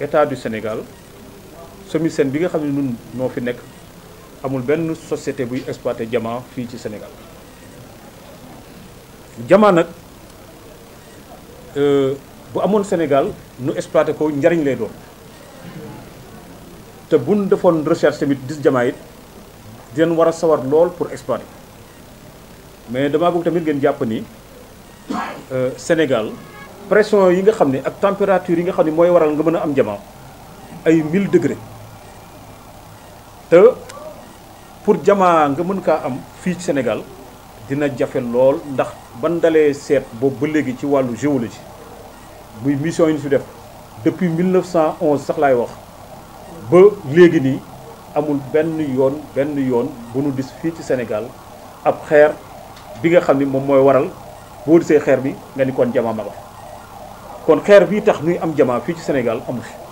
état du Sénégal SOMISEN bi nga xam ne ñun noo fi nekk amul benn société buy exploité diamant fii ci Sénégal diamant nag euh, bu amoon Sénégal nu exploité ko njariñ lay doon te buñ defoon recherche tamit gis diamant it dinañ war a sawar lool pour exploiter mais damaa bëgg tamit ngeen jàpp ni euh, Sénégal pression yi nga xam ne ak température yi nga xam ne mooy waral nga mën a am jamaa ay 1000 degré te pour jamaa nga mën kaa am fii ci Sénégal dina jafe lool ndax ban dalee seet boobu ba léegi ci wàllu géologie muy mission yi ñu fi def depuis 1911 sax laay wax ba léegi nii amul benn yoon benn yoon bu nu gis fii ci Sénégal ab xeer bi nga xam ni moom mooy waral boo gisee xeer bi nga ni kon jamaa ma kon xeer bii tax ñuy am jamaa fii ci Sénégal amu fi